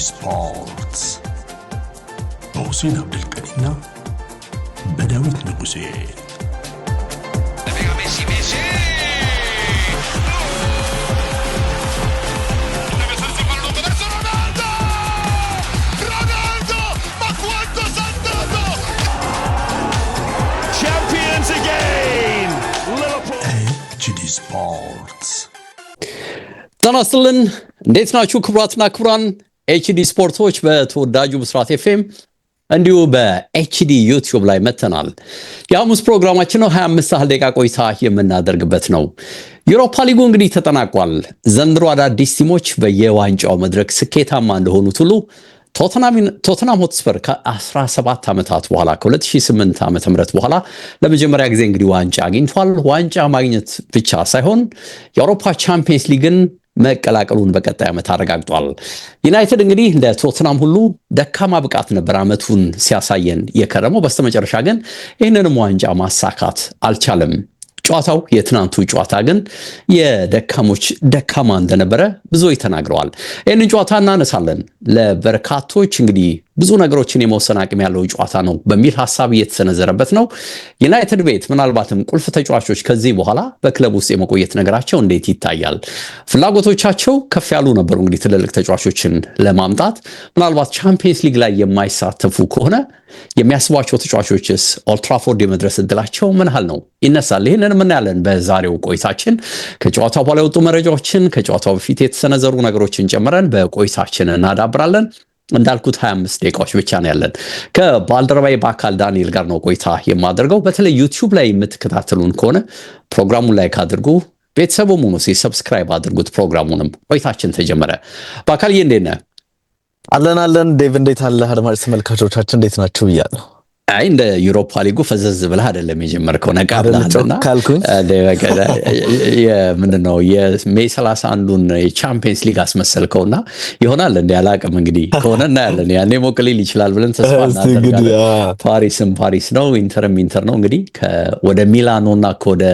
his faults. Muhsin Abdülkarim'le Bedavut mu güzel? Sports. Dan asılın Netna Çukurat'ına kuran ኤችዲ ስፖርቶች በተወዳጁ ብስራት ኤፍኤም እንዲሁ በኤችዲ ዩቲዩብ ላይ መተናል። የሐሙስ ፕሮግራማችን ነው 25 ያህል ደቂቃ ቆይታ የምናደርግበት ነው። ዩሮፓ ሊጉ እንግዲህ ተጠናቋል። ዘንድሮ አዳዲስ ቲሞች በየዋንጫው መድረክ ስኬታማ እንደሆኑት ሁሉ ቶተናም ሆትስፐር ከ17 ዓመታት በኋላ ከ2008 ዓ ም በኋላ ለመጀመሪያ ጊዜ እንግዲህ ዋንጫ አግኝቷል። ዋንጫ ማግኘት ብቻ ሳይሆን የአውሮፓ ቻምፒየንስ ሊግን መቀላቀሉን በቀጣይ ዓመት አረጋግጧል። ዩናይትድ እንግዲህ እንደ ቶትናም ሁሉ ደካማ ብቃት ነበር ዓመቱን ሲያሳየን የከረመው። በስተመጨረሻ ግን ይህንንም ዋንጫ ማሳካት አልቻለም። ጨዋታው የትናንቱ ጨዋታ ግን የደካሞች ደካማ እንደነበረ ብዙዎች ተናግረዋል። ይህንን ጨዋታ እናነሳለን። ለበርካቶች እንግዲህ ብዙ ነገሮችን የመወሰን አቅም ያለው ጨዋታ ነው በሚል ሀሳብ እየተሰነዘረበት ነው። ዩናይትድ ቤት ምናልባትም ቁልፍ ተጫዋቾች ከዚህ በኋላ በክለብ ውስጥ የመቆየት ነገራቸው እንዴት ይታያል? ፍላጎቶቻቸው ከፍ ያሉ ነበሩ። እንግዲህ ትልልቅ ተጫዋቾችን ለማምጣት ምናልባት ቻምፒየንስ ሊግ ላይ የማይሳተፉ ከሆነ የሚያስቧቸው ተጫዋቾችስ ኦልትራፎርድ የመድረስ እድላቸው ምን ያህል ነው ይነሳል? ይህንን የምናያለን በዛሬው ቆይታችን ከጨዋታ በኋላ የወጡ መረጃዎችን ከጨዋታው በፊት የተሰነዘሩ ነገሮችን ጨምረን በቆይታችን እናዳብራለን። እንዳልኩት 25 ደቂቃዎች ብቻ ነው ያለን። ከባልደረባይ በአካል ዳንኤል ጋር ነው ቆይታ የማደርገው። በተለይ ዩቲዩብ ላይ የምትከታተሉን ከሆነ ፕሮግራሙን ላይክ አድርጉ፣ ቤተሰቡ ሙኑ ሰብስክራይብ አድርጉት። ፕሮግራሙንም ቆይታችን ተጀመረ። ይህ እንዴት ነህ? አለን አለን። ዴቭ እንዴት አለ አድማጭ ተመልካቾቻችን እንዴት ናችሁ ብያለሁ። አይ እንደ ዩሮፓ ሊጉ ፈዘዝ ብለህ አይደለም የጀመርከው፣ ነቃ ብለሃልና ነው የሜይ ሰላሳ አንዱን የቻምፒየንስ ሊግ አስመሰልከው እና ይሆናል እንዲ አላቅም እንግዲህ ከሆነ እናያለን። ያኔ ሞቅ ሊል ይችላል ብለን ተስፋ ፓሪስም ፓሪስ ነው፣ ኢንተርም ኢንተር ነው። እንግዲህ ወደ ሚላኖ እና ወደ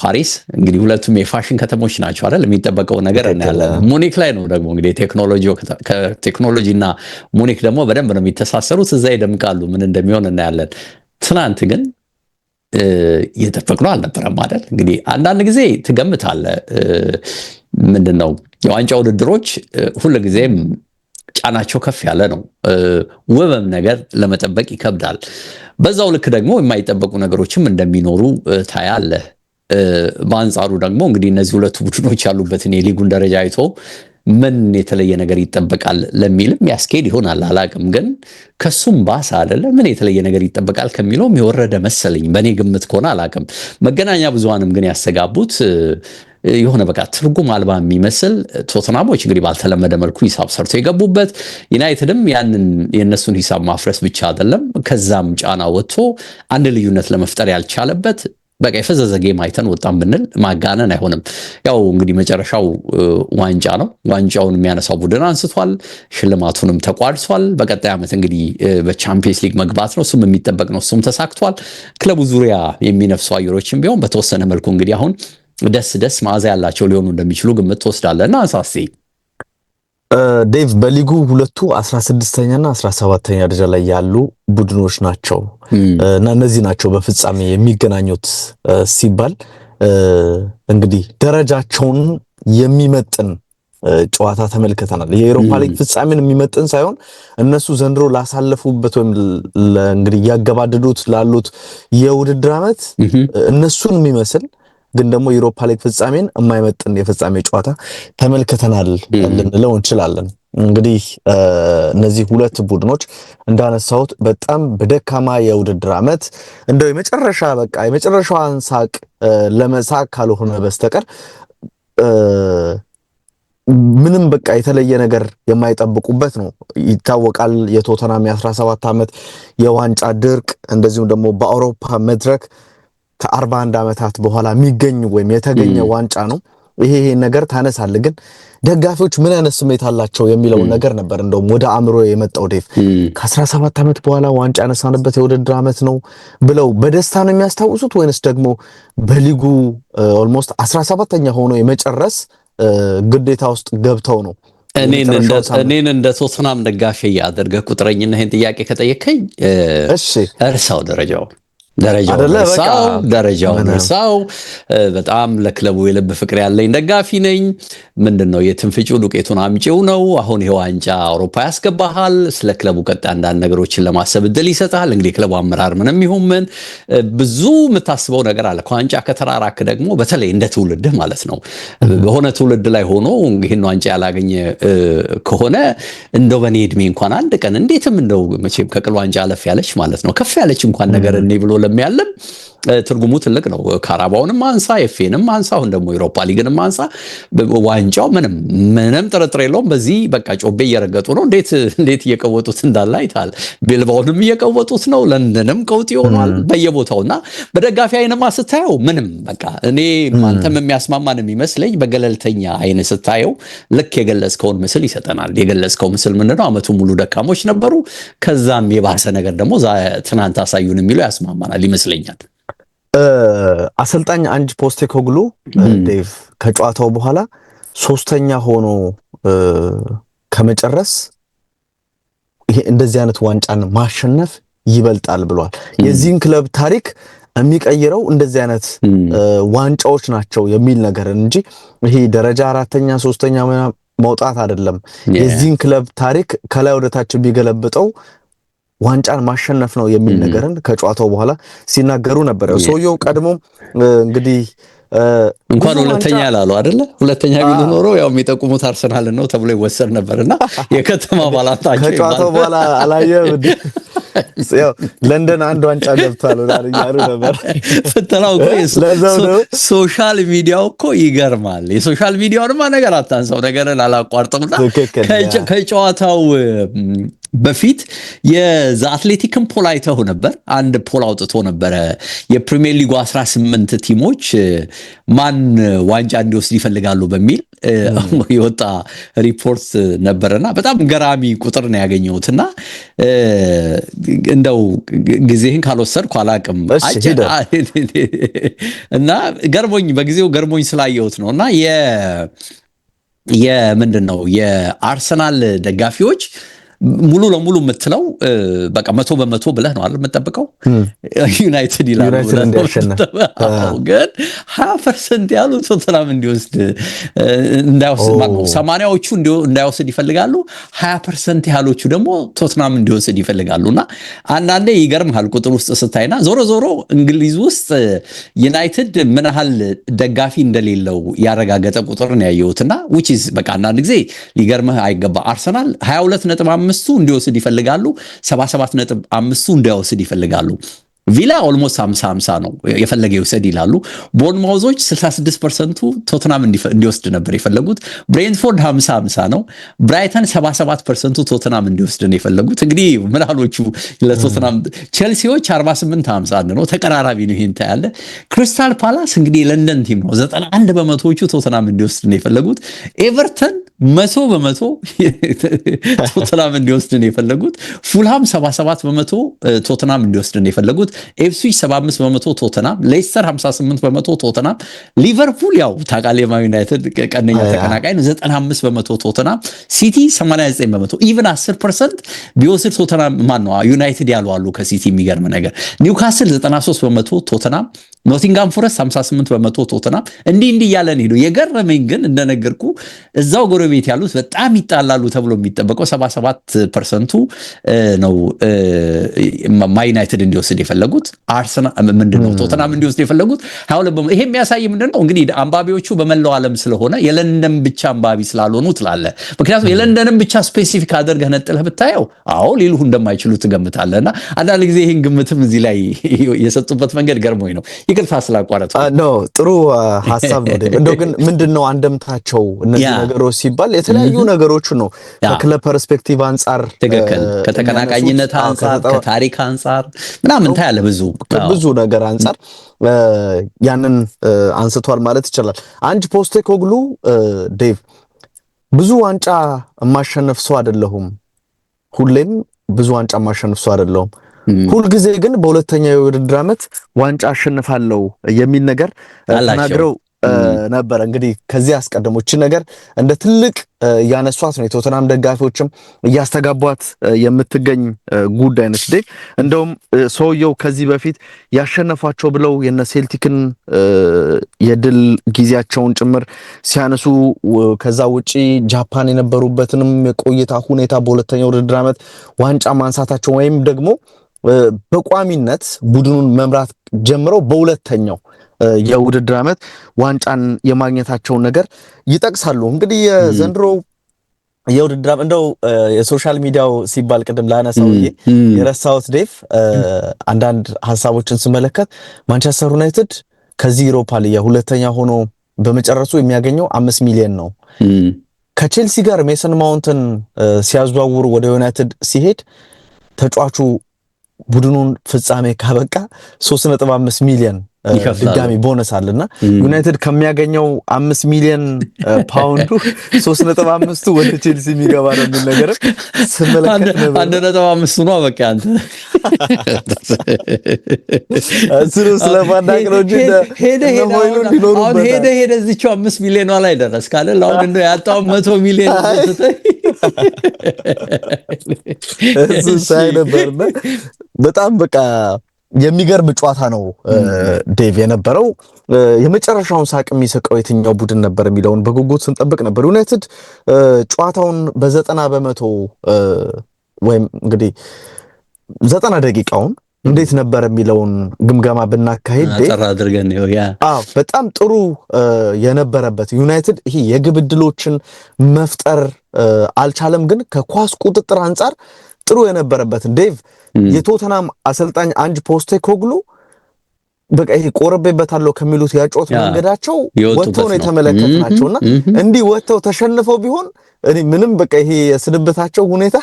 ፓሪስ እንግዲህ ሁለቱም የፋሽን ከተሞች ናቸው አይደል? የሚጠበቀው ነገር እናያለን። ሙኒክ ላይ ነው ደግሞ እንግዲህ ቴክኖሎጂ እና ሙኒክ ደግሞ በደንብ ነው የሚተሳሰሩት። እዛ ይደምቃሉ ምን እንደሚሆን ሲሆን እናያለን። ትናንት ግን የተፈቅዶ አልነበረም አይደል? እንግዲህ አንዳንድ ጊዜ ትገምታለህ። ምንድን ነው የዋንጫ ውድድሮች ጊዜም ጫናቸው ከፍ ያለ ነው። ውብም ነገር ለመጠበቅ ይከብዳል። በዛው ልክ ደግሞ የማይጠበቁ ነገሮችም እንደሚኖሩ ታያለህ። በአንጻሩ ደግሞ እንግዲህ እነዚህ ሁለቱ ቡድኖች ያሉበትን የሊጉን ደረጃ አይቶ ምን የተለየ ነገር ይጠበቃል ለሚልም ያስኬድ ይሆናል አላቅም። ግን ከሱም ባሳ አደለ ምን የተለየ ነገር ይጠበቃል ከሚለውም የወረደ መሰለኝ በእኔ ግምት ከሆነ አላቅም። መገናኛ ብዙሃንም ግን ያስተጋቡት የሆነ በቃ ትርጉም አልባ የሚመስል ቶትናሞች እንግዲህ ባልተለመደ መልኩ ሂሳብ ሰርቶ የገቡበት ዩናይትድም ያንን የእነሱን ሂሳብ ማፍረስ ብቻ አይደለም ከዛም ጫና ወጥቶ አንድ ልዩነት ለመፍጠር ያልቻለበት በቃ የፈዘዘ ጌም አይተን ወጣን ብንል ማጋነን አይሆንም። ያው እንግዲህ መጨረሻው ዋንጫ ነው። ዋንጫውን የሚያነሳው ቡድን አንስቷል፣ ሽልማቱንም ተቋድሷል። በቀጣይ ዓመት እንግዲህ በቻምፒየንስ ሊግ መግባት ነው፣ እሱም የሚጠበቅ ነው፣ እሱም ተሳክቷል። ክለቡ ዙሪያ የሚነፍሱ አየሮችም ቢሆን በተወሰነ መልኩ እንግዲህ አሁን ደስ ደስ መዓዛ ያላቸው ሊሆኑ እንደሚችሉ ግምት ትወስዳለህ እና ዴቭ በሊጉ ሁለቱ 16ኛና 17ኛ ደረጃ ላይ ያሉ ቡድኖች ናቸው እና እነዚህ ናቸው በፍጻሜ የሚገናኙት ሲባል እንግዲህ ደረጃቸውን የሚመጥን ጨዋታ ተመልክተናል። የኤሮፓ ሊግ ፍጻሜን የሚመጥን ሳይሆን እነሱ ዘንድሮ ላሳለፉበት ወይም እንግዲህ እያገባደዱት ላሉት የውድድር ዓመት እነሱን የሚመስል ግን ደግሞ ዩሮፓ ሊግ ፍጻሜን የማይመጥን የፍጻሜ ጨዋታ ተመልክተናል ልንለው እንችላለን። እንግዲህ እነዚህ ሁለት ቡድኖች እንዳነሳሁት በጣም በደካማ የውድድር ዓመት እንደው የመጨረሻ በቃ የመጨረሻዋን ሳቅ ለመሳቅ ካልሆነ በስተቀር ምንም በቃ የተለየ ነገር የማይጠብቁበት ነው። ይታወቃል የቶተናም የ17 ዓመት የዋንጫ ድርቅ እንደዚሁም ደግሞ በአውሮፓ መድረክ ከ41 ዓመታት በኋላ የሚገኝ ወይም የተገኘ ዋንጫ ነው። ይሄ ይሄ ነገር ታነሳል። ግን ደጋፊዎች ምን አይነት ስሜት አላቸው የሚለውን ነገር ነበር እንደውም ወደ አእምሮ የመጣው ዴቭ። ከ17 ዓመት በኋላ ዋንጫ ያነሳንበት የውድድር ዓመት ነው ብለው በደስታ ነው የሚያስታውሱት ወይንስ ደግሞ በሊጉ ኦልሞስት 17ኛ ሆኖ የመጨረስ ግዴታ ውስጥ ገብተው ነው? እኔን እንደ ሶስናም ደጋፊ ያደርገ ቁጥረኝና ይህን ጥያቄ ከጠየከኝ እርሳው ደረጃውን ደረጃውን ረሳው ደረጃውን በጣም ለክለቡ የልብ ፍቅር ያለኝ ደጋፊ ነኝ። ምንድን ነው የትንፍጩ ዱቄቱን አምጪው ነው። አሁን ይሄ ዋንጫ አውሮፓ ያስገባሃል። ስለ ክለቡ ቀጣይ አንዳንድ ነገሮችን ለማሰብ እድል ይሰጣል። እንግዲህ ክለቡ አመራር ምንም ይሁን ምን ብዙ የምታስበው ነገር አለ። ከዋንጫ ከተራራክ ደግሞ በተለይ እንደ ትውልድህ ማለት ነው በሆነ ትውልድ ላይ ሆኖ ይህን ዋንጫ ያላገኘ ከሆነ እንደው በኔ እድሜ እንኳን አንድ ቀን እንዴትም እንደው መቼም ከቅል ዋንጫ አለፍ ያለች ማለት ነው ከፍ ያለች እንኳን ነገር እኔ ብሎ ለሚያለም ትርጉሙ ትልቅ ነው። ካራባውንም አንሳ፣ ኤፌንም አንሳ፣ አሁን ደግሞ ኤሮፓ ሊግንም አንሳ። ዋንጫው ምንም ምንም ጥርጥር የለውም። በዚህ በቃ ጮቤ እየረገጡ ነው። እንዴት እንዴት እየቀወጡት እንዳለ አይታል። ቤልባውንም እየቀወጡት ነው። ለንደንም ቀውጥ ይሆኗል እና በደጋፊ አይንማ ስታየው ምንም በቃ እኔ አንተም የሚያስማማን የሚመስለኝ በገለልተኛ አይን ስታየው ልክ የገለጽከውን ምስል ይሰጠናል። የገለጽከው ምስል ምንድነው? አመቱ ሙሉ ደካሞች ነበሩ። ከዛም የባሰ ነገር ደግሞ ትናንት አሳዩን የሚለው ያስማማናል ይመስለኛል። አሰልጣኝ አንጅ ፖስቴኮግሉ ዴቭ ከጨዋታው በኋላ ሶስተኛ ሆኖ ከመጨረስ ይሄ እንደዚህ አይነት ዋንጫን ማሸነፍ ይበልጣል ብሏል። የዚህን ክለብ ታሪክ የሚቀይረው እንደዚህ አይነት ዋንጫዎች ናቸው የሚል ነገር እንጂ ይሄ ደረጃ አራተኛ ሶስተኛ መውጣት አይደለም። የዚህን ክለብ ታሪክ ከላይ ወደታች ቢገለብጠው ዋንጫን ማሸነፍ ነው የሚል ነገርን ከጨዋታው በኋላ ሲናገሩ ነበረ። ሰውየው ቀድሞ እንግዲህ እንኳን ሁለተኛ ላሉ አደለ ሁለተኛ ቢሉ ኖሮ ያው የሚጠቁሙት አርሰናልን ነው ተብሎ ይወሰድ ነበርና የከተማ ባላታቸው ከጨዋታው በኋላ አላየህ ለንደን አንድ ዋንጫ ገብቷል እያሉ ነበር። ፍተናው ሶሻል ሚዲያው እኮ ይገርማል። የሶሻል ሚዲያውንማ ነገር አታንሰው፣ ነገርን አላቋርጥምና ከጨዋታው በፊት የአትሌቲክን ፖል አይተው ነበር። አንድ ፖል አውጥቶ ነበረ የፕሪሚየር ሊጉ 18 ቲሞች ማን ዋንጫ እንዲወስድ ይፈልጋሉ በሚል የወጣ ሪፖርት ነበረና በጣም ገራሚ ቁጥር ነው ያገኘሁት። እና እንደው ጊዜህን ካልወሰድኩ አላቅም እና ገርሞኝ በጊዜው ገርሞኝ ስላየሁት ነው እና የምንድን ነው የአርሰናል ደጋፊዎች ሙሉ ለሙሉ የምትለው በቃ መቶ በመቶ ብለህ ነው አይደል የምጠብቀው ዩናይትድ ይላሉ ግን ሀያ ፐርሰንት ያሉ ቶተናም እንዲወስድ እንዳይወስድ ማለት ሰማንያዎቹ እንዳይወስድ ይፈልጋሉ፣ ሀያ ፐርሰንት ያህሎቹ ደግሞ ቶትናም እንዲወስድ ይፈልጋሉ። እና አንዳንዴ ይገርምሃል ቁጥር ውስጥ ስታይና ዞሮ ዞሮ እንግሊዝ ውስጥ ዩናይትድ ምን ያህል ደጋፊ እንደሌለው ያረጋገጠ ቁጥር ነው ያየሁትና ዊች ኢዝ በቃ አንዳንድ ጊዜ ሊገርምህ አይገባ አርሰናል ሀያ ሁለት ነጥብ አምስት አምስቱ እንዲወስድ ይፈልጋሉ፣ 77 ነጥብ አምስቱ እንዳይወስድ ይፈልጋሉ። ቪላ ኦልሞስት 50 50 ነው የፈለገ ይውሰድ ይላሉ። ቦርንማውዞች 66 ፐርሰንቱ ቶትናም እንዲወስድ ነበር የፈለጉት። ብሬንትፎርድ 50 50 ነው። ብራይተን 77 ፐርሰንቱ ቶትናም እንዲወስድ ነው የፈለጉት። እንግዲህ ምናሎቹ ለቶትናም ቼልሲዎች 48 50 ነው፣ ተቀራራቢ ነው። ይህን ታያለ። ክሪስታል ፓላስ እንግዲህ የለንደን ቲም ነው፣ 91 በመቶዎቹ ቶትናም እንዲወስድ ነው የፈለጉት። ኤቨርተን መቶ በመቶ ቶትናም እንዲወስድን የፈለጉት። ፉልሃም 77 በመቶ ቶትናም እንዲወስድን የፈለጉት። ኤፕስዊች 75 በመቶ ቶትናም፣ ሌስተር 58 በመቶ ቶትናም፣ ሊቨርፑል ያው ታውቃለህ የማን ዩናይትድ ቀነኛ ተቀናቃይ ነው 95 በመቶ ቶትናም፣ ሲቲ 89 በመቶ ኢቨን 10 ፐርሰንት ቢወስድ ቶትናም ማን ነው ዩናይትድ ያሉ አሉ ከሲቲ የሚገርም ነገር ኒውካስል 93 በመቶ ቶትናም ኖቲንጋም ፎረስት 58 በመቶ ቶተናም እንዲህ እንዲህ እያለን ሄዶ የገረመኝ ግን እንደነገርኩ እዛው ጎረቤት ያሉት በጣም ይጣላሉ ተብሎ የሚጠበቀው 77 ፐርሰንቱ ነው ማዩናይትድ እንዲወስድ የፈለጉት አርሰናል ምንድነው ቶተናም እንዲወስድ የፈለጉት ይሄ የሚያሳይ ምንድነው እንግዲህ አንባቢዎቹ በመላው ዓለም ስለሆነ የለንደን ብቻ አንባቢ ስላልሆኑ ትላለ ምክንያቱም የለንደንን ብቻ ስፔሲፊክ አድርገህ ነጥለህ ብታየው አዎ ሊልሁ እንደማይችሉ ትገምታለህ እና አንዳንድ ጊዜ ይህን ግምትም እዚህ ላይ የሰጡበት መንገድ ገርሞኝ ነው ይቅርታ ስላቋረጥ ኖ ጥሩ ሀሳብ ነው። እንደው ግን ምንድን ነው አንደምታቸው እነዚህ ነገሮች ሲባል የተለያዩ ነገሮቹ ነው። ከክለብ ፐርስፔክቲቭ አንጻር፣ ትክክል፣ ከተቀናቃኝነት አንጻር፣ ከታሪክ አንጻር ምናምን ታያለ ብዙ ብዙ ነገር አንጻር ያንን አንስቷል ማለት ይቻላል። አንጅ ፖስቴኮግሉ ዴቭ ብዙ ዋንጫ የማሸነፍ ሰው አይደለሁም፣ ሁሌም ብዙ ዋንጫ የማሸነፍ ሰው አይደለሁም ሁልጊዜ ግን በሁለተኛ የውድድር ዓመት ዋንጫ አሸንፋለሁ የሚል ነገር ተናግረው ነበር። እንግዲህ ከዚህ አስቀድሞችን ነገር እንደ ትልቅ እያነሷት ነው የቶተናም ደጋፊዎችም እያስተጋቧት የምትገኝ ጉዳይ ነች። ዴ እንደውም ሰውየው ከዚህ በፊት ያሸነፏቸው ብለው የነ ሴልቲክን የድል ጊዜያቸውን ጭምር ሲያነሱ ከዛ ውጪ ጃፓን የነበሩበትንም የቆይታ ሁኔታ በሁለተኛ ውድድር ዓመት ዋንጫ ማንሳታቸው ወይም ደግሞ በቋሚነት ቡድኑን መምራት ጀምረው በሁለተኛው የውድድር ዓመት ዋንጫን የማግኘታቸውን ነገር ይጠቅሳሉ። እንግዲህ የዘንድሮ የውድድር እንደው የሶሻል ሚዲያው ሲባል ቅድም ላነሳው የረሳሁት ዴፍ አንዳንድ ሀሳቦችን ስመለከት ማንቸስተር ዩናይትድ ከዚህ ዩሮፓ ሊግ ሁለተኛ ሆኖ በመጨረሱ የሚያገኘው አምስት ሚሊዮን ነው። ከቼልሲ ጋር ሜሰን ማውንትን ሲያዘዋውሩ ወደ ዩናይትድ ሲሄድ ተጫዋቹ ቡድኑን ፍጻሜ ካበቃ 3.5 ሚሊዮን ድጋሚ ቦነስ አለና ዩናይትድ ከሚያገኘው አምስት ሚሊዮን ፓውንዱ ሶስት ነጥብ አምስቱ ወደ ቼልሲ የሚገባ ነው የሚል ነገር ስመለከት አንድ ነጥብ አምስቱ ነው። በቃ አንተ እስሩ ስለማናቅ ነው እንጂ ሄደ ሄደ እዚቸው አምስት ሚሊዮኗ ላይ ደረስ ካለ ለአሁን እንደ ያጣውን መቶ ሚሊዮን እሱ ሳይ ነበርና በጣም በቃ የሚገርም ጨዋታ ነው ዴቭ የነበረው። የመጨረሻውን ሳቅ የሚሰቀው የትኛው ቡድን ነበር የሚለውን በጉጉት ስንጠብቅ ነበር። ዩናይትድ ጨዋታውን በዘጠና በመቶ ወይም እንግዲህ ዘጠና ደቂቃውን እንዴት ነበር የሚለውን ግምገማ ብናካሄድ በጣም ጥሩ የነበረበት ዩናይትድ ይሄ የግብ ዕድሎችን መፍጠር አልቻለም፣ ግን ከኳስ ቁጥጥር አንጻር ጥሩ የነበረበትን ዴቭ የቶተናም አሰልጣኝ አንጅ ኮግሉ በቃ ይሄ ቆርቤበታለሁ ከሚሉት ያጮት መንገዳቸው ወጥተው ነው የተመለከትናቸውና እንዲህ ወጥተው ተሸንፈው ቢሆን እኔ ምንም በቃ ይሄ የስንብታቸው ሁኔታ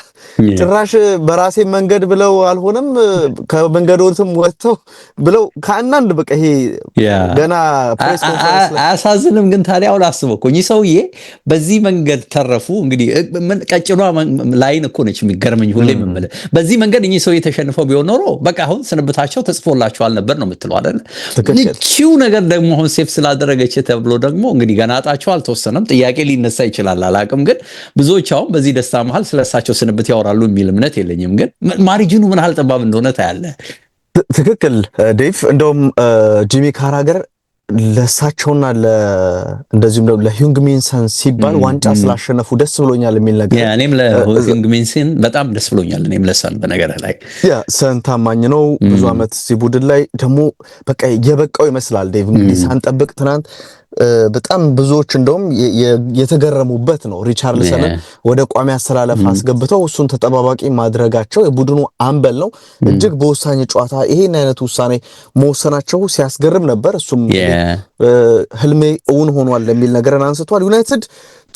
ጭራሽ በራሴ መንገድ ብለው አልሆነም ከመንገድ ወጥተው ብለው ከአንዳንድ በቃ ይሄ ገና አያሳዝንም? ግን ታዲያ አሁን አስበው እኮ ሰውዬ በዚህ መንገድ ተረፉ። እንግዲህ ቀጭኗ ላይን እኮ ነች የሚገርመኝ ሁሌ የምልህ በዚህ መንገድ እኚህ ሰውዬ ተሸንፈው ቢሆን ኖሮ በቃ አሁን ስንብታቸው ተጽፎላቸዋል ነበር ነው የምትለው አይደለ? ንቺው ነገር ደግሞ አሁን ሴፍ ስላደረገች ተብሎ ደግሞ እንግዲህ ገና እጣቸው አልተወሰነም። ጥያቄ ሊነሳ ይችላል አላቅም ግን ብዙዎች አሁን በዚህ ደስታ መሀል ስለሳቸው ስንብት ያወራሉ የሚል እምነት የለኝም። ግን ማሪጅኑ ምን ያህል ጠባብ እንደሆነ ታያለ። ትክክል ዴቭ። እንደውም ጂሚ ካራገር ለሳቸውና እንደዚሁም ደግሞ ለሂንግሚንሰን ሲባል ዋንጫ ስላሸነፉ ደስ ብሎኛል የሚል ነገር እኔም ለሂንግሚንሰን በጣም ደስ ብሎኛል። እኔም ለሳን በነገር ላይ ያ ሰን ታማኝ ነው። ብዙ ዓመት እዚህ ቡድን ላይ ደግሞ በቃ የበቃው ይመስላል ዴቭ። እንግዲህ ሳንጠብቅ ትናንት በጣም ብዙዎች እንደውም የተገረሙበት ነው። ሪቻርልሰን ወደ ቋሚ አሰላለፍ አስገብተው እሱን ተጠባባቂ ማድረጋቸው የቡድኑ አምበል ነው። እጅግ በወሳኝ ጨዋታ ይሄን አይነት ውሳኔ መወሰናቸው ሲያስገርም ነበር። እሱም ህልሜ እውን ሆኗል የሚል ነገርን አንስቷል። ዩናይትድ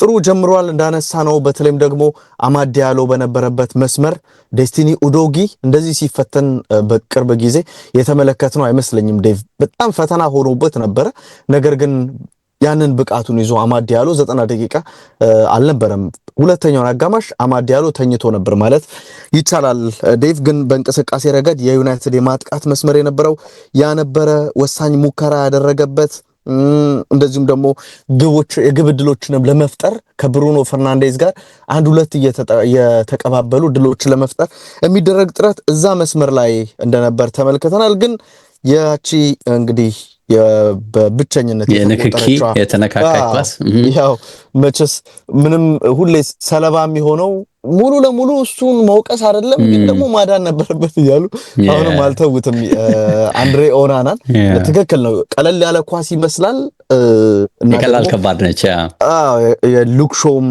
ጥሩ ጀምሯል እንዳነሳ ነው። በተለይም ደግሞ አማድ ያሎ በነበረበት መስመር ዴስቲኒ ኡዶጊ እንደዚህ ሲፈተን በቅርብ ጊዜ የተመለከት ነው አይመስለኝም። ዴቭ በጣም ፈተና ሆኖበት ነበረ። ነገር ግን ያንን ብቃቱን ይዞ አማድ ያሎ ዘጠና ደቂቃ አልነበረም። ሁለተኛውን አጋማሽ አማድ ያሎ ተኝቶ ነበር ማለት ይቻላል። ዴቭ ግን በእንቅስቃሴ ረገድ የዩናይትድ የማጥቃት መስመር የነበረው ያነበረ ወሳኝ ሙከራ ያደረገበት እንደዚሁም ደግሞ ግቦች የግብ ድሎችንም ለመፍጠር ከብሩኖ ፈርናንዴዝ ጋር አንድ ሁለት የተቀባበሉ ድሎች ለመፍጠር የሚደረግ ጥረት እዛ መስመር ላይ እንደነበር ተመልክተናል። ግን ያቺ እንግዲህ በብቸኝነት የንክኪ የተነካካይ ክላስ ያው መቼስ ምንም ሁሌ ሰለባ የሚሆነው ሙሉ ለሙሉ እሱን መውቀስ አይደለም፣ ግን ደግሞ ማዳን ነበረበት እያሉ አሁንም አልተውትም። አንድሬ ኦናናን ትክክል ነው። ቀለል ያለ ኳስ ይመስላል ቀላል ከባድ ነች። የሉክ ሾውም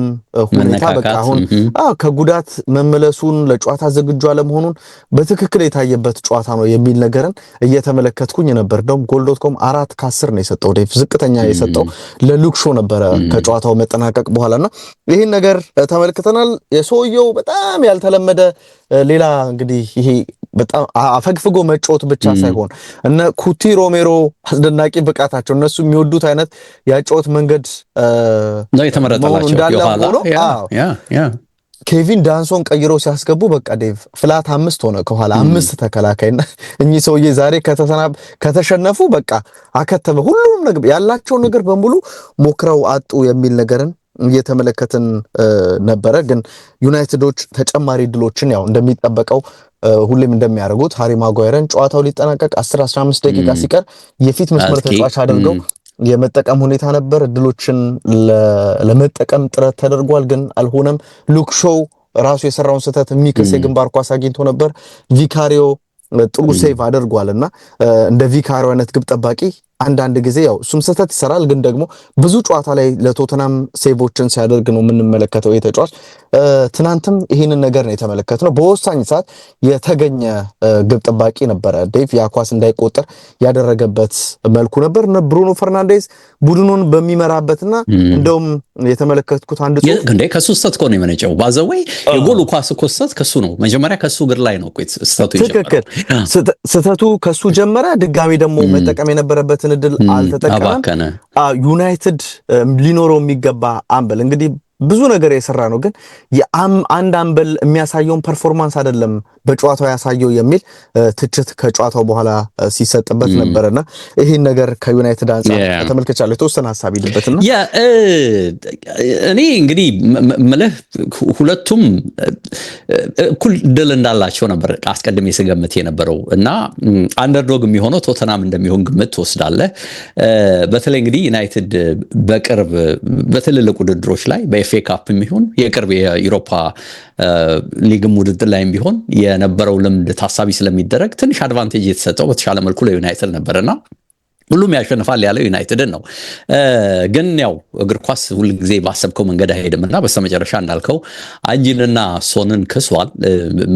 ሁኔታ በቃ አሁን ከጉዳት መመለሱን ለጨዋታ ዝግጁ አለመሆኑን በትክክል የታየበት ጨዋታ ነው የሚል ነገርን እየተመለከትኩኝ ነበር። እንደውም ጎልዶትኮም አራት ከአስር ነው የሰጠው ዴቭ፣ ዝቅተኛ የሰጠው ለሉክ ሾው ነበረ ከጨዋታው መጠናቀቅ በኋላ በኋላና ይህን ነገር ተመልክተናል። የሰውየው በጣም ያልተለመደ ሌላ እንግዲህ ይሄ በጣም አፈግፍጎ መጫወት ብቻ ሳይሆን እነ ኩቲ ሮሜሮ አስደናቂ ብቃታቸው እነሱ የሚወዱት አይነት የጫወት መንገድ እንዳለ ሆኖ ኬቪን ዳንሶን ቀይሮ ሲያስገቡ በቃ ዴቭ ፍላት አምስት ሆነ ከኋላ አምስት ተከላካይና እኚህ ሰውዬ ዛሬ ከተሰናብ ከተሸነፉ በቃ አከተመ። ሁሉም ነገር ያላቸውን ነገር በሙሉ ሞክረው አጡ የሚል ነገርን እየተመለከትን ነበረ። ግን ዩናይትዶች ተጨማሪ ድሎችን ያው እንደሚጠበቀው ሁሌም እንደሚያደርጉት ሃሪ ማጓይረን ጨዋታው ሊጠናቀቅ 10 15 ደቂቃ ሲቀር የፊት መስመር ተጫዋች አድርገው የመጠቀም ሁኔታ ነበር። እድሎችን ለመጠቀም ጥረት ተደርጓል፣ ግን አልሆነም። ሉክ ሾው ራሱ የሰራውን ስህተት የሚክስ የግንባር ኳስ አግኝቶ ነበር። ቪካሪዮ ጥሩ ሴቭ አድርጓልና እንደ ቪካሪዮ አይነት ግብ ጠባቂ አንዳንድ ጊዜ ያው እሱም ስህተት ይሰራል፣ ግን ደግሞ ብዙ ጨዋታ ላይ ለቶተናም ሴቮችን ሲያደርግ ነው የምንመለከተው የተጫዋች። ትናንትም ይህንን ነገር ነው የተመለከትነው። በወሳኝ ሰዓት የተገኘ ግብ ጠባቂ ነበረ። ዴቭ ያኳስ እንዳይቆጠር ያደረገበት መልኩ ነበር። ብሩኖ ፈርናንዴዝ ቡድኑን በሚመራበትና እንደውም የተመለከትኩት አንድ እንደ ከሱ ስህተት እኮ ነው የመነጨው። ባዘወይ የጎሉ ኳስ እኮ ስህተት ከሱ ነው መጀመሪያ ከሱ እግር ላይ ነው ስህተቱ። ትክክል ስህተቱ ከሱ ጀመረ። ድጋሚ ደግሞ መጠቀም የነበረበትን ያንን እድል አልተጠቀመም። ዩናይትድ ሊኖረው የሚገባ አምበል እንግዲህ ብዙ ነገር የሰራ ነው፣ ግን አንድ አምበል የሚያሳየውን ፐርፎርማንስ አይደለም በጨዋታው ያሳየው የሚል ትችት ከጨዋታው በኋላ ሲሰጥበት ነበረና ይህን ነገር ከዩናይትድ አንጻር ተመልክቻለሁ። የተወሰነ ሀሳብ ይልበትና እኔ እንግዲህ ምልህ ሁለቱም እኩል ድል እንዳላቸው ነበር አስቀድሜ ስገምት የነበረው እና አንደርዶግ የሚሆነው ቶተናም እንደሚሆን ግምት ትወስዳለህ። በተለይ እንግዲህ ዩናይትድ በቅርብ በትልልቅ ውድድሮች ላይ በኤፍኤ ካፕ የሚሆን የቅርብ የኢሮፓ ሊግም ውድድር ላይም ቢሆን የ የነበረው ልምድ ታሳቢ ስለሚደረግ ትንሽ አድቫንቴጅ የተሰጠው በተሻለ መልኩ ለዩናይትድ ነበርና ሁሉም ያሸንፋል ያለው ዩናይትድን ነው። ግን ያው እግር ኳስ ሁልጊዜ ባሰብከው መንገድ አይሄድም እና በስተመጨረሻ እንዳልከው አንጂንና ሶንን ክሷል።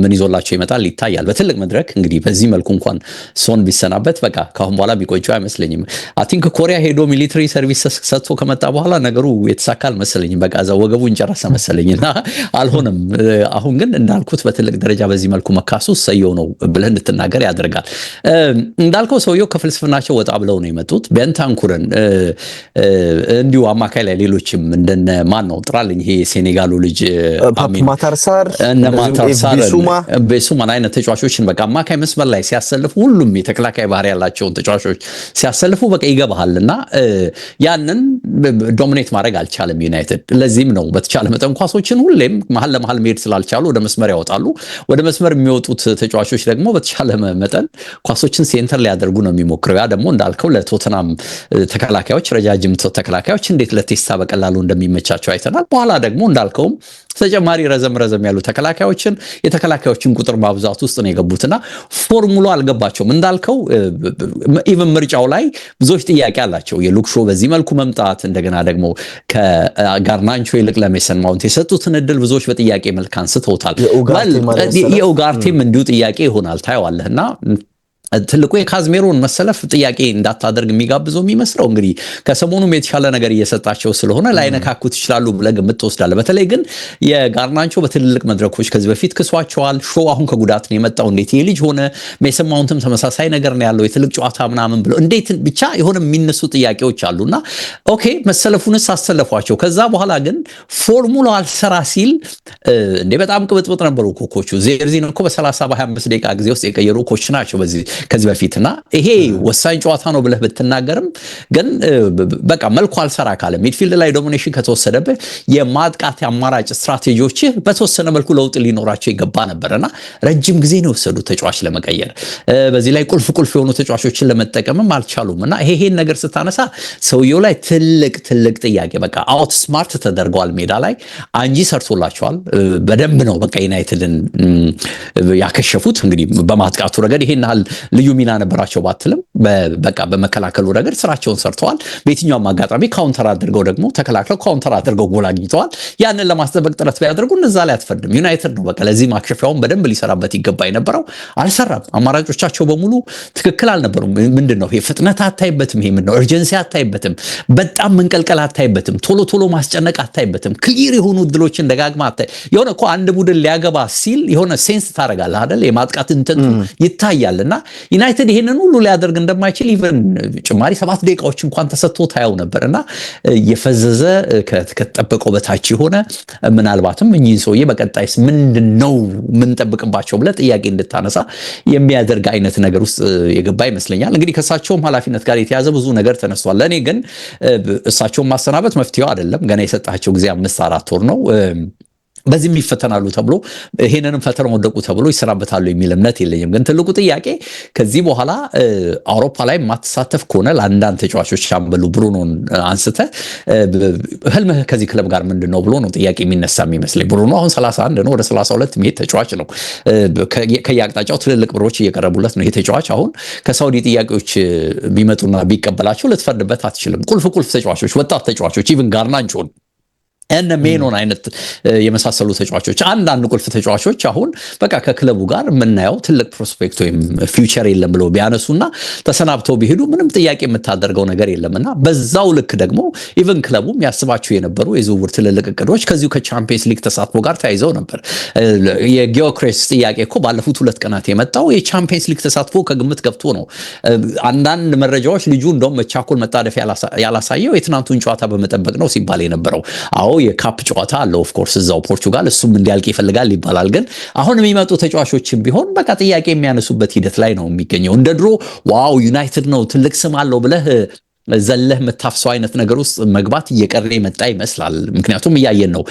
ምን ይዞላቸው ይመጣል ይታያል። በትልቅ መድረክ እንግዲህ በዚህ መልኩ እንኳን ሶን ቢሰናበት በቃ ካሁን በኋላ ቢቆጨው አይመስለኝም። አይ ኮሪያ ሄዶ ሚሊትሪ ሰርቪስ ሰጥቶ ከመጣ በኋላ ነገሩ የተሳካ አልመሰለኝም። በቃ እዛ ወገቡ እንጨረሰ መሰለኝ እና አልሆነም። አሁን ግን እንዳልኩት በትልቅ ደረጃ በዚህ መልኩ መካሱ ሰየው ነው ብለህ እንድትናገር ያደርጋል። እንዳልከው ሰውየው ከፍልስፍናቸው ወጣ ብለው ነው ነው የመጡት። ቤንታንኩርን እንዲሁ አማካይ ላይ ሌሎችም እንደነ ማን ነው ጥራልኝ፣ ይሄ ሴኔጋሉ ልጅ ማታርሳር፣ እነ ማታርሳር ቤሱማን አይነት ተጫዋቾችን በቃ አማካይ መስመር ላይ ሲያሰልፉ ሁሉም የተከላካይ ባህሪ ያላቸውን ተጫዋቾች ሲያሰልፉ በቃ ይገባሃል እና ያንን ዶሚኔት ማድረግ አልቻለም ዩናይትድ። ለዚህም ነው በተቻለ መጠን ኳሶችን ሁሌም መሀል ለመሀል መሄድ ስላልቻሉ ወደ መስመር ያወጣሉ። ወደ መስመር የሚወጡት ተጫዋቾች ደግሞ በተቻለ መጠን ኳሶችን ሴንተር ሊያደርጉ ነው የሚሞክረው። ያ ደግሞ እንዳልከው ያለፈው ለቶተናም ተከላካዮች ረጃጅም ተከላካዮች እንዴት ለቴስታ በቀላሉ እንደሚመቻቸው አይተናል። በኋላ ደግሞ እንዳልከውም ተጨማሪ ረዘም ረዘም ያሉ ተከላካዮችን የተከላካዮችን ቁጥር ማብዛት ውስጥ ነው የገቡትና ፎርሙሎ አልገባቸውም። እንዳልከው ኢቨን ምርጫው ላይ ብዙዎች ጥያቄ አላቸው። የሉክሾ በዚህ መልኩ መምጣት እንደገና ደግሞ ከጋርናንቾ ይልቅ ለሜሰን ማውንት የሰጡትን እድል ብዙዎች በጥያቄ መልክ አንስተውታል። የኡጋርቴም እንዲሁ ጥያቄ ይሆናል ታየዋለህ እና ትልቁ የካዝሜሮን መሰለፍ ጥያቄ እንዳታደርግ የሚጋብዘው የሚመስለው እንግዲህ ከሰሞኑም የተሻለ ነገር እየሰጣቸው ስለሆነ ላይነካኩት ይችላሉ ብለህ ግምት ትወስዳለህ። በተለይ ግን የጋርናንቾ በትልልቅ መድረኮች ከዚህ በፊት ክሷቸዋል። ሾ አሁን ከጉዳት ነው የመጣው። እንዴት ይሄ ልጅ ሆነ? ሜሰን ማውንትም ተመሳሳይ ነገር ነው ያለው የትልቅ ጨዋታ ምናምን ብለው እንዴት ብቻ የሆነ የሚነሱ ጥያቄዎች አሉና ኦኬ መሰለፉንስ አሰለፏቸው። ከዛ በኋላ ግን ፎርሙላ አልሰራ ሲል እንዴ በጣም ቅብጥብጥ ነበሩ ኮኮቹ። ዜርዚን እኮ በ30 በ25 ደቂቃ ጊዜ ውስጥ የቀየሩ ኮች ናቸው በዚህ ከዚህ በፊት እና ይሄ ወሳኝ ጨዋታ ነው ብለህ ብትናገርም ግን በቃ መልኩ አልሰራ ካለ ሚድፊልድ ላይ ዶሚኔሽን ከተወሰደብህ የማጥቃት አማራጭ ስትራቴጂዎችህ በተወሰነ መልኩ ለውጥ ሊኖራቸው ይገባ ነበር እና ረጅም ጊዜ ነው የወሰዱ ተጫዋች ለመቀየር በዚህ ላይ ቁልፍ ቁልፍ የሆኑ ተጫዋቾችን ለመጠቀምም አልቻሉም እና ይሄን ነገር ስታነሳ ሰውየው ላይ ትልቅ ትልቅ ጥያቄ በቃ አውት ስማርት ተደርገዋል ሜዳ ላይ አንጂ ሰርቶላቸዋል በደንብ ነው በቃ ዩናይትድን ያከሸፉት እንግዲህ በማጥቃቱ ረገድ ይሄን ያህል ልዩ ሚና ነበራቸው ባትልም በቃ በመከላከሉ ረገድ ስራቸውን ሰርተዋል። በየትኛውም አጋጣሚ ካውንተር አድርገው ደግሞ ተከላክለው ካውንተር አድርገው ጎል አግኝተዋል። ያንን ለማስጠበቅ ጥረት ቢያደርጉ እነዛ ላይ አትፈርድም። ዩናይትድ ነው በቃ ለዚህ ማክሸፊያውን በደንብ ሊሰራበት ይገባ የነበረው አልሰራም። አማራጮቻቸው በሙሉ ትክክል አልነበሩም። ምንድን ነው ፍጥነት አታይበትም። ይሄ ምንድነው እርጀንሲ አታይበትም። በጣም መንቀልቀል አታይበትም። ቶሎ ቶሎ ማስጨነቅ አታይበትም። ክሊር የሆኑ እድሎችን ደጋግማ አታይ። የሆነ እኮ አንድ ቡድን ሊያገባ ሲል የሆነ ሴንስ ታደርጋለህ አይደል? የማጥቃት ይታያል እና ዩናይትድ ይህንን ሁሉ ሊያደርግ እንደማይችል ኢቨን ጭማሪ ሰባት ደቂቃዎች እንኳን ተሰጥቶ ታየው ነበር እና የፈዘዘ ከተጠበቀው በታች የሆነ ምናልባትም እኚህን ሰውዬ በቀጣይስ ምንድን ነው የምንጠብቅባቸው ብለ ጥያቄ እንድታነሳ የሚያደርግ አይነት ነገር ውስጥ የገባ ይመስለኛል። እንግዲህ ከእሳቸውም ኃላፊነት ጋር የተያዘ ብዙ ነገር ተነስቷል። ለእኔ ግን እሳቸውን ማሰናበት መፍትሄው አይደለም። ገና የሰጣቸው ጊዜ አምስት አራት ወር ነው። በዚህም ይፈተናሉ ተብሎ ይሄንንም ፈተና ወደቁ ተብሎ ይሰራበታሉ የሚል እምነት የለኝም። ግን ትልቁ ጥያቄ ከዚህ በኋላ አውሮፓ ላይ የማትሳተፍ ከሆነ ለአንዳንድ ተጫዋቾች ሻምበሉ ብሩኖን አንስተ ህልምህ ከዚህ ክለብ ጋር ምንድን ነው ብሎ ነው ጥያቄ የሚነሳ የሚመስለኝ። ብሩኖ አሁን 31 ነው፣ ወደ 32 መሄድ ተጫዋች ነው። ከየአቅጣጫው ትልልቅ ብሮች እየቀረቡለት ነው። ይሄ ተጫዋች አሁን ከሳውዲ ጥያቄዎች ቢመጡና ቢቀበላቸው ልትፈርድበት አትችልም። ቁልፍ ቁልፍ ተጫዋቾች፣ ወጣት ተጫዋቾች ኢቭን ጋርናንቾን እነ ሜኖን አይነት የመሳሰሉ ተጫዋቾች አንዳንድ ቁልፍ ተጫዋቾች አሁን በቃ ከክለቡ ጋር የምናየው ትልቅ ፕሮስፔክት ወይም ፊውቸር የለም ብለው ቢያነሱና ተሰናብተው ቢሄዱ ምንም ጥያቄ የምታደርገው ነገር የለምና በዛው ልክ ደግሞ ኢቨን ክለቡም ያስባቸው የነበሩ የዝውውር ትልልቅ እቅዶች ከዚሁ ከቻምፒየንስ ሊግ ተሳትፎ ጋር ተያይዘው ነበር። የጊዮክሬስ ጥያቄ እኮ ባለፉት ሁለት ቀናት የመጣው የቻምፒየንስ ሊግ ተሳትፎ ከግምት ገብቶ ነው። አንዳንድ መረጃዎች ልጁ እንደውም መቻኮል መጣደፍ ያላሳየው የትናንቱን ጨዋታ በመጠበቅ ነው ሲባል የነበረው አዎ የካፕ ጨዋታ አለው ኦፍኮርስ እዛው ፖርቹጋል፣ እሱም እንዲያልቅ ይፈልጋል ይባላል። ግን አሁን የሚመጡ ተጫዋቾችም ቢሆን በቃ ጥያቄ የሚያነሱበት ሂደት ላይ ነው የሚገኘው። እንደ ድሮ ዋው ዩናይትድ ነው ትልቅ ስም አለው ብለህ ዘለህ የምታፍሰው አይነት ነገር ውስጥ መግባት እየቀረ የመጣ ይመስላል። ምክንያቱም እያየን ነው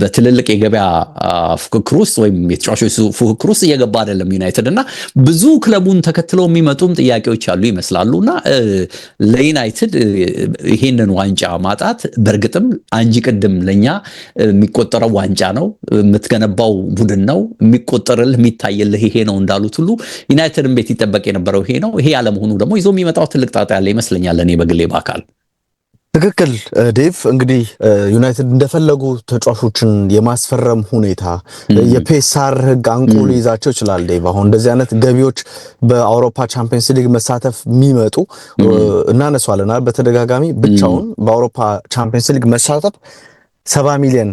በትልልቅ የገበያ ፉክክር ውስጥ ወይም የተጫዋቾች ፉክክር ውስጥ እየገባ አይደለም ዩናይትድ እና ብዙ ክለቡን ተከትለው የሚመጡም ጥያቄዎች ያሉ ይመስላሉ እና ለዩናይትድ ይሄንን ዋንጫ ማጣት በእርግጥም አንጂ ቅድም ለእኛ የሚቆጠረው ዋንጫ ነው፣ የምትገነባው ቡድን ነው፣ የሚቆጠርልህ የሚታይልህ ይሄ ነው እንዳሉት ሁሉ ዩናይትድም ቤት ይጠበቅ የነበረው ይሄ ነው። ይሄ ያለመሆኑ ደግሞ ይዞ የሚመጣው ትልቅ ጣጣ ያለ ይመስለኛል። ይመስለኛል እኔ በግሌ በአካል ትክክል ዴቭ እንግዲህ ዩናይትድ እንደፈለጉ ተጫዋቾችን የማስፈረም ሁኔታ የፔሳር ህግ አንቁ ሊይዛቸው ይችላል። ዴቭ አሁን እንደዚህ አይነት ገቢዎች በአውሮፓ ቻምፒየንስ ሊግ መሳተፍ የሚመጡ እናነሷልና በተደጋጋሚ ብቻውን በአውሮፓ ቻምፒየንስ ሊግ መሳተፍ ሰባ ሚሊዮን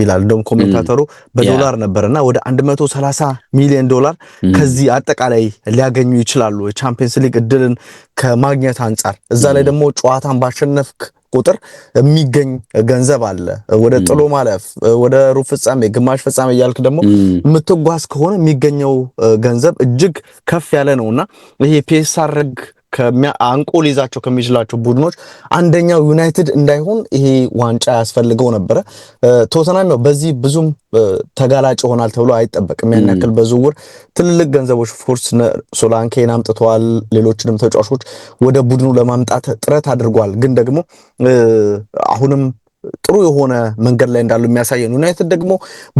ይላል። እንደውም ኮሜንታተሩ በዶላር ነበርና ወደ 130 ሚሊዮን ዶላር ከዚህ አጠቃላይ ሊያገኙ ይችላሉ የቻምፒየንስ ሊግ እድልን ከማግኘት አንጻር። እዛ ላይ ደግሞ ጨዋታን ባሸነፍክ ቁጥር የሚገኝ ገንዘብ አለ። ወደ ጥሎ ማለፍ፣ ወደ ሩብ ፍጻሜ፣ ግማሽ ፍጻሜ እያልክ ደግሞ የምትጓዝ ከሆነ የሚገኘው ገንዘብ እጅግ ከፍ ያለ ነውና ይሄ ፒኤስአር ህግ አንቆ ሊይዛቸው ከሚችላቸው ቡድኖች አንደኛው ዩናይትድ እንዳይሆን ይሄ ዋንጫ ያስፈልገው ነበረ። ቶተናም ያው በዚህ ብዙም ተጋላጭ ይሆናል ተብሎ አይጠበቅም። ያን ያክል በዝውውር ትልልቅ ገንዘቦች ፎርስ ሶላንኬን አምጥተዋል። ሌሎችንም ተጫዋቾች ወደ ቡድኑ ለማምጣት ጥረት አድርጓል። ግን ደግሞ አሁንም ጥሩ የሆነ መንገድ ላይ እንዳሉ የሚያሳየን። ዩናይትድ ደግሞ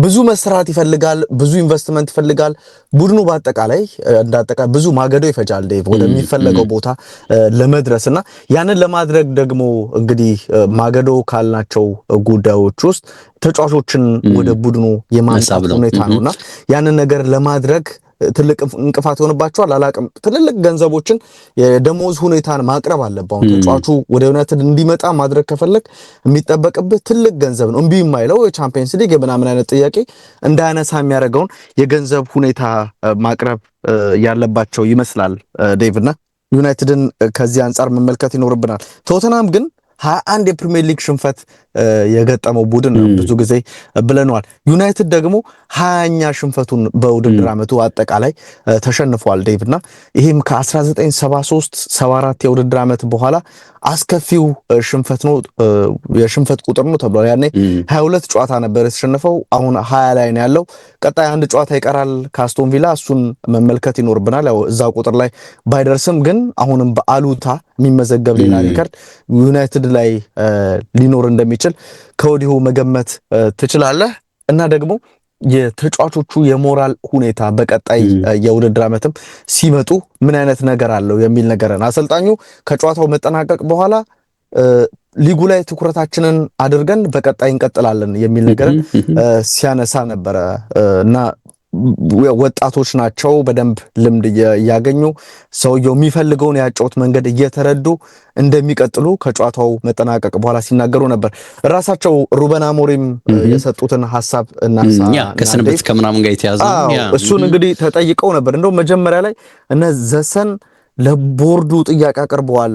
ብዙ መስራት ይፈልጋል፣ ብዙ ኢንቨስትመንት ይፈልጋል። ቡድኑ በአጠቃላይ እንዳጠቃላይ ብዙ ማገዶ ይፈጃል ዴቭ ወደሚፈለገው ቦታ ለመድረስ እና ያንን ለማድረግ ደግሞ እንግዲህ ማገዶ ካልናቸው ጉዳዮች ውስጥ ተጫዋቾችን ወደ ቡድኑ የማንሳት ሁኔታ እና ያንን ነገር ለማድረግ ትልቅ እንቅፋት ይሆንባቸዋል። አላቅም ትልልቅ ገንዘቦችን የደሞዝ ሁኔታን ማቅረብ አለብህ። አሁን ተጫዋቹ ወደ ዩናይትድ እንዲመጣ ማድረግ ከፈለግ የሚጠበቅብህ ትልቅ ገንዘብ ነው። እምቢ የማይለው የቻምፒየንስ ሊግ የምናምን አይነት ጥያቄ እንዳያነሳ የሚያደርገውን የገንዘብ ሁኔታ ማቅረብ ያለባቸው ይመስላል ዴቭና ዩናይትድን ከዚህ አንጻር መመልከት ይኖርብናል። ቶተናም ግን ሀያ አንድ የፕሪሚየር ሊግ ሽንፈት የገጠመው ቡድን ነው። ብዙ ጊዜ ብለነዋል። ዩናይትድ ደግሞ ሀያኛ ሽንፈቱን በውድድር ዓመቱ አጠቃላይ ተሸንፏል። ዴቭ እና ይህም ከ1973 74 የውድድር ዓመት በኋላ አስከፊው ሽንፈት ነው የሽንፈት ቁጥር ነው ተብሏል። ያኔ 22 ጨዋታ ነበር የተሸነፈው፣ አሁን 20 ላይ ነው ያለው። ቀጣይ አንድ ጨዋታ ይቀራል ከአስቶን ቪላ፣ እሱን መመልከት ይኖርብናል። ያው እዛ ቁጥር ላይ ባይደርስም ግን አሁንም በአሉታ የሚመዘገብ ሌላ ሪከርድ ዩናይትድ አንድ ላይ ሊኖር እንደሚችል ከወዲሁ መገመት ትችላለህ እና ደግሞ የተጫዋቾቹ የሞራል ሁኔታ በቀጣይ የውድድር ዓመትም ሲመጡ ምን አይነት ነገር አለው የሚል ነገርን አሰልጣኙ ከጨዋታው መጠናቀቅ በኋላ ሊጉ ላይ ትኩረታችንን አድርገን በቀጣይ እንቀጥላለን የሚል ነገርን ሲያነሳ ነበረ እና ወጣቶች ናቸው። በደንብ ልምድ እያገኙ ሰውየው የሚፈልገውን የአጨዋወት መንገድ እየተረዱ እንደሚቀጥሉ ከጨዋታው መጠናቀቅ በኋላ ሲናገሩ ነበር። ራሳቸው ሩበን አሞሪም የሰጡትን ሀሳብ ከስንበት ከምናምን ጋር የተያዘ እሱን እንግዲህ ተጠይቀው ነበር። እንደውም መጀመሪያ ላይ እነ ዘሰን ለቦርዱ ጥያቄ አቅርበዋል።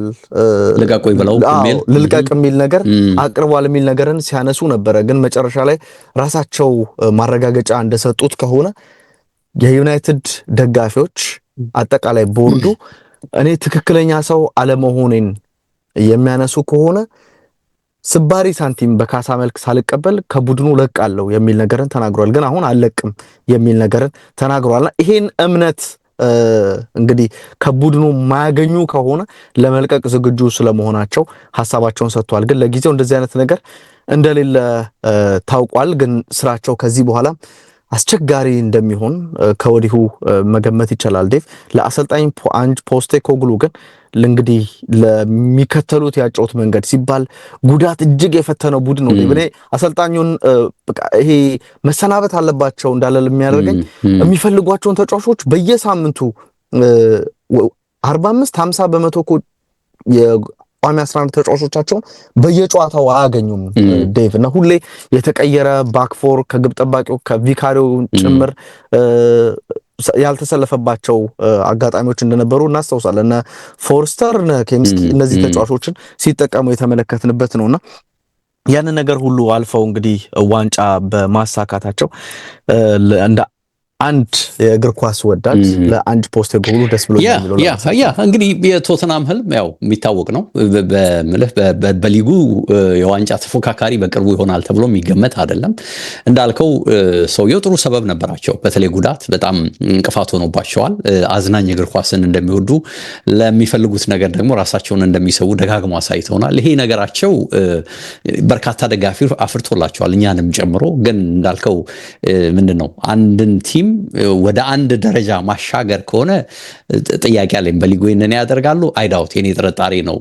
ልልቀቅ የሚል ነገር አቅርበዋል የሚል ነገርን ሲያነሱ ነበረ። ግን መጨረሻ ላይ ራሳቸው ማረጋገጫ እንደሰጡት ከሆነ የዩናይትድ ደጋፊዎች፣ አጠቃላይ ቦርዱ እኔ ትክክለኛ ሰው አለመሆኔን የሚያነሱ ከሆነ ስባሪ ሳንቲም በካሳ መልክ ሳልቀበል ከቡድኑ ለቃለሁ የሚል ነገርን ተናግሯል። ግን አሁን አልለቅም የሚል ነገርን ተናግሯልና ይሄን እምነት እንግዲህ ከቡድኑ ማያገኙ ከሆነ ለመልቀቅ ዝግጁ ስለመሆናቸው ሀሳባቸውን ሰጥተዋል። ግን ለጊዜው እንደዚህ አይነት ነገር እንደሌለ ታውቋል። ግን ስራቸው ከዚህ በኋላ አስቸጋሪ እንደሚሆን ከወዲሁ መገመት ይቻላል። ዴቭ ለአሰልጣኝ አንጅ ፖስቴ ኮግሉ ግን እንግዲህ ለሚከተሉት ያጨውት መንገድ ሲባል ጉዳት እጅግ የፈተነው ቡድን ነው። እኔ አሰልጣኙን ይሄ መሰናበት አለባቸው እንዳለ የሚያደርገኝ የሚፈልጓቸውን ተጫዋቾች በየሳምንቱ አርባ አምስት ሀምሳ በመቶ ቋሚ 11 ተጫዋቾቻቸውን በየጨዋታው አያገኙም ዴቭ እና ሁሌ የተቀየረ ባክፎር ከግብ ጠባቂው ከቪካሪው ጭምር ያልተሰለፈባቸው አጋጣሚዎች እንደነበሩ እናስታውሳለን። እና ፎርስተር ኬሚስኪ እነዚህ ተጫዋቾችን ሲጠቀሙ የተመለከትንበት ነውና ያንን ነገር ሁሉ አልፈው እንግዲህ ዋንጫ በማሳካታቸው እንደ አንድ የእግር ኳስ ወዳድ ለአንድ ፖስት የጎሉ ደስ ብሎ ያ እንግዲህ የቶተናም ህልም ያው የሚታወቅ ነው። በሊጉ የዋንጫ ተፎካካሪ በቅርቡ ይሆናል ተብሎ የሚገመት አይደለም። እንዳልከው ሰውየው ጥሩ ሰበብ ነበራቸው። በተለይ ጉዳት በጣም እንቅፋት ሆኖባቸዋል። አዝናኝ እግር ኳስን እንደሚወዱ ለሚፈልጉት ነገር ደግሞ ራሳቸውን እንደሚሰዉ ደጋግሞ አሳይተውናል። ይሄ ነገራቸው በርካታ ደጋፊ አፍርቶላቸዋል፣ እኛንም ጨምሮ። ግን እንዳልከው ምንድን ነው አንድን ቲም ወይም ወደ አንድ ደረጃ ማሻገር ከሆነ ጥያቄ አለኝ። በሊጉ ይንን ያደርጋሉ አይዳውት የኔ ጥርጣሬ ነው።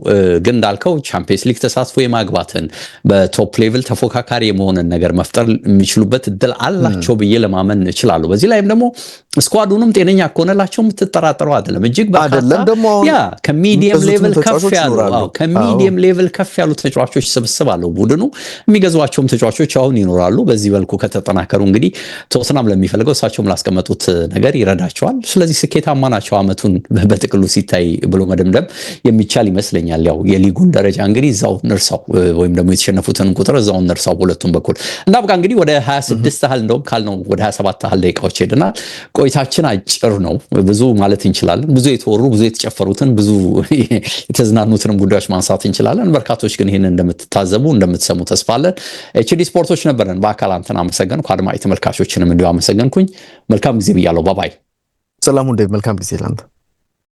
ግን እንዳልከው ቻምፒየንስ ሊግ ተሳትፎ የማግባትን በቶፕ ሌቭል ተፎካካሪ የመሆንን ነገር መፍጠር የሚችሉበት እድል አላቸው ብዬ ለማመን እችላለሁ። በዚህ ላይም ደግሞ ስኳዱንም ጤነኛ ከሆነላቸው የምትጠራጠረው አይደለም። እጅግ አይደለም ከሚዲየም ሌቭል ከፍ ያሉ ከሚዲየም ሌቭል ከፍ ያሉ ተጫዋቾች ስብስብ አለው ቡድኑ። የሚገዟቸውም ተጫዋቾች አሁን ይኖራሉ። በዚህ መልኩ ከተጠናከሩ እንግዲህ ቶትናም ለሚፈልገው እሳቸውም ላስቀመጡት ነገር ይረዳቸዋል። ስለዚህ ስኬታማ ናቸው። አመቱን በጥቅሉ ሲታይ ብሎ መደምደም የሚቻል ይመስለኛል። ያው የሊጉን ደረጃ እንግዲህ እዛው ንርሳው ወይም ደግሞ የተሸነፉትን ቁጥር እዛው ንርሳው በሁለቱም በኩል እናብቃ እንግዲህ ወደ 26 ያህል እንደውም ካልነው ወደ 27 ያህል ደቂቃዎች ሄደናል። ቆይታችን አጭር ነው። ብዙ ማለት እንችላለን። ብዙ የተወሩ ብዙ የተጨፈሩትን ብዙ የተዝናኑትንም ጉዳዮች ማንሳት እንችላለን። በርካቶች ግን ይህን እንደምትታዘቡ እንደምትሰሙ ተስፋለን። ኤችዲ ስፖርቶች ነበረን። በአካል አንተን አመሰገንኩ። አድማጭ ተመልካቾችንም እንዲሁ አመሰገንኩኝ። መልካም ጊዜ ብያለሁ። ባባይ ሰላሙ። እንዴት መልካም ጊዜ ላንተ